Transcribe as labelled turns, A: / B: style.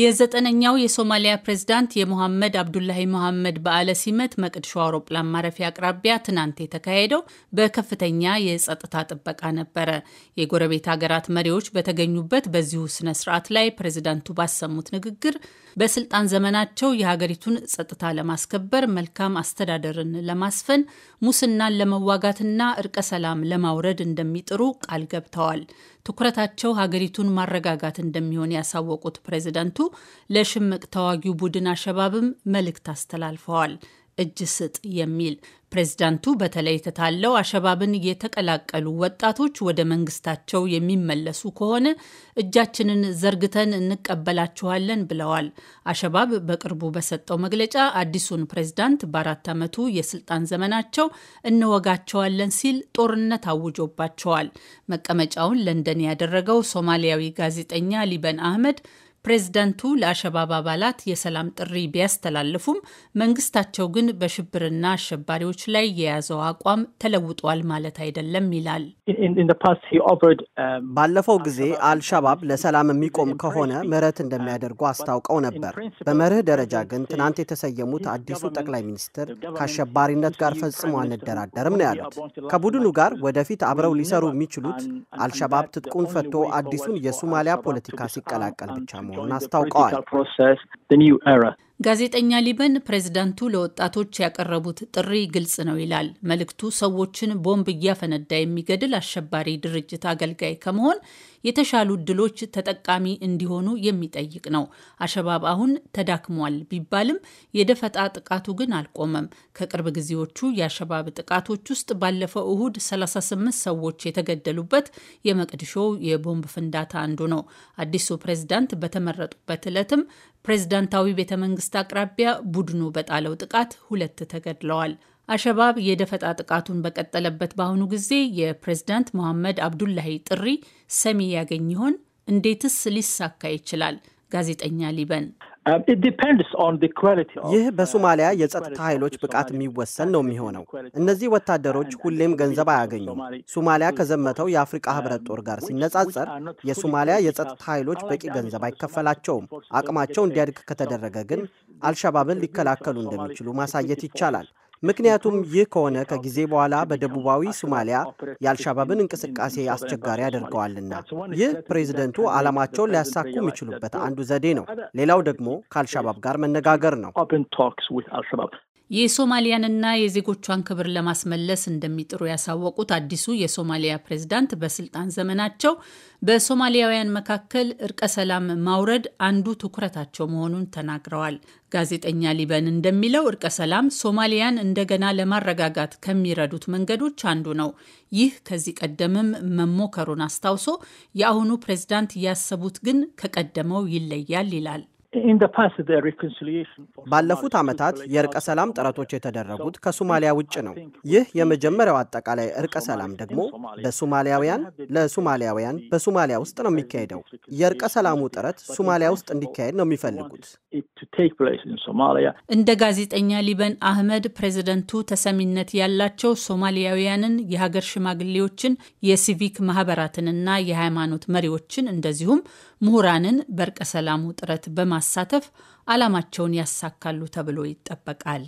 A: የዘጠነኛው የሶማሊያ ፕሬዝዳንት የሞሐመድ አብዱላሂ ሞሐመድ በዓለ ሲመት መቅድሾ አውሮፕላን ማረፊያ አቅራቢያ ትናንት የተካሄደው በከፍተኛ የጸጥታ ጥበቃ ነበረ። የጎረቤት ሀገራት መሪዎች በተገኙበት በዚሁ ስነ ስርዓት ላይ ፕሬዝዳንቱ ባሰሙት ንግግር በስልጣን ዘመናቸው የሀገሪቱን ጸጥታ ለማስከበር፣ መልካም አስተዳደርን ለማስፈን፣ ሙስናን ለመዋጋትና እርቀ ሰላም ለማውረድ እንደሚጥሩ ቃል ገብተዋል። ትኩረታቸው ሀገሪቱን ማረጋጋት እንደሚሆን ያሳወቁት ፕሬዚደንቱ ለሽምቅ ተዋጊው ቡድን አሸባብም መልእክት አስተላልፈዋል። እጅ ስጥ የሚል ፕሬዝዳንቱ በተለይ ተታለው አሸባብን የተቀላቀሉ ወጣቶች ወደ መንግስታቸው የሚመለሱ ከሆነ እጃችንን ዘርግተን እንቀበላችኋለን ብለዋል። አሸባብ በቅርቡ በሰጠው መግለጫ አዲሱን ፕሬዝዳንት በአራት ዓመቱ የስልጣን ዘመናቸው እንወጋቸዋለን ሲል ጦርነት አውጆባቸዋል። መቀመጫውን ለንደን ያደረገው ሶማሊያዊ ጋዜጠኛ ሊበን አህመድ ፕሬዝደንቱ ለአሸባብ አባላት የሰላም ጥሪ ቢያስተላልፉም መንግስታቸው ግን በሽብርና አሸባሪዎች ላይ የያዘው አቋም ተለውጧል ማለት አይደለም ይላል።
B: uh, ባለፈው ጊዜ አልሻባብ ለሰላም የሚቆም ከሆነ ምህረት እንደሚያደርጉ አስታውቀው ነበር። በመርህ ደረጃ ግን ትናንት የተሰየሙት አዲሱ ጠቅላይ ሚኒስትር ከአሸባሪነት ጋር ፈጽሞ አንደራደርም ነው ያሉት። ከቡድኑ ጋር ወደፊት አብረው ሊሰሩ የሚችሉት አልሻባብ ትጥቁን ፈቶ አዲሱን የሶማሊያ ፖለቲካ ሲቀላቀል ብቻ መሆኑ Nastał koń. Process, the new era.
A: ጋዜጠኛ ሊበን ፕሬዝዳንቱ ለወጣቶች ያቀረቡት ጥሪ ግልጽ ነው ይላል። መልእክቱ ሰዎችን ቦምብ እያፈነዳ የሚገድል አሸባሪ ድርጅት አገልጋይ ከመሆን የተሻሉ እድሎች ተጠቃሚ እንዲሆኑ የሚጠይቅ ነው። አሸባብ አሁን ተዳክሟል ቢባልም የደፈጣ ጥቃቱ ግን አልቆመም። ከቅርብ ጊዜዎቹ የአሸባብ ጥቃቶች ውስጥ ባለፈው እሁድ 38 ሰዎች የተገደሉበት የመቅድሾው የቦምብ ፍንዳታ አንዱ ነው። አዲሱ ፕሬዝዳንት በተመረጡበት ዕለትም ፕሬዝዳንታዊ ቤተ መንግስት አቅራቢያ ቡድኑ በጣለው ጥቃት ሁለት ተገድለዋል። አሸባብ የደፈጣ ጥቃቱን በቀጠለበት በአሁኑ ጊዜ የፕሬዝዳንት መሐመድ አብዱላሂ ጥሪ ሰሚ ያገኝ ይሆን? እንዴትስ ሊሳካ ይችላል? ጋዜጠኛ ሊበን
B: Uh, ይህ በሶማሊያ uh, የጸጥታ ኃይሎች ብቃት የሚወሰን ነው የሚሆነው። እነዚህ ወታደሮች ሁሌም ገንዘብ አያገኙም። ሶማሊያ ከዘመተው የአፍሪቃ um, ህብረት ጦር ጋር ሲነጻጸር የሶማሊያ የጸጥታ ኃይሎች በቂ ገንዘብ አይከፈላቸውም። አቅማቸው እንዲያድግ ከተደረገ ግን አልሸባብን ሊከላከሉ እንደሚችሉ ማሳየት ይቻላል። ምክንያቱም ይህ ከሆነ ከጊዜ በኋላ በደቡባዊ ሶማሊያ የአልሻባብን እንቅስቃሴ አስቸጋሪ ያደርገዋልና ይህ ፕሬዚደንቱ ዓላማቸውን ሊያሳኩ የሚችሉበት አንዱ ዘዴ ነው። ሌላው ደግሞ ከአልሻባብ ጋር መነጋገር ነው።
A: የሶማሊያንና የዜጎቿን ክብር ለማስመለስ እንደሚጥሩ ያሳወቁት አዲሱ የሶማሊያ ፕሬዝዳንት በስልጣን ዘመናቸው በሶማሊያውያን መካከል እርቀ ሰላም ማውረድ አንዱ ትኩረታቸው መሆኑን ተናግረዋል። ጋዜጠኛ ሊበን እንደሚለው እርቀ ሰላም ሶማሊያን እንደገና ለማረጋጋት ከሚረዱት መንገዶች አንዱ ነው። ይህ ከዚህ ቀደምም መሞከሩን አስታውሶ የአሁኑ ፕሬዝዳንት ያሰቡት ግን ከቀደመው ይለያል ይላል።
B: ባለፉት ዓመታት የእርቀ ሰላም ጥረቶች የተደረጉት ከሶማሊያ ውጭ ነው። ይህ የመጀመሪያው አጠቃላይ እርቀ ሰላም ደግሞ በሶማሊያውያን ለሶማሊያውያን በሶማሊያ ውስጥ ነው የሚካሄደው። የእርቀ ሰላሙ ጥረት ሶማሊያ ውስጥ እንዲካሄድ ነው የሚፈልጉት።
A: እንደ ጋዜጠኛ ሊበን አህመድ ፕሬዝደንቱ ተሰሚነት ያላቸው ሶማሊያውያንን፣ የሀገር ሽማግሌዎችን፣ የሲቪክ ማህበራትንና የሃይማኖት መሪዎችን እንደዚሁም ምሁራንን በእርቀ ሰላሙ ጥረት በማ በማሳተፍ ዓላማቸውን ያሳካሉ ተብሎ ይጠበቃል።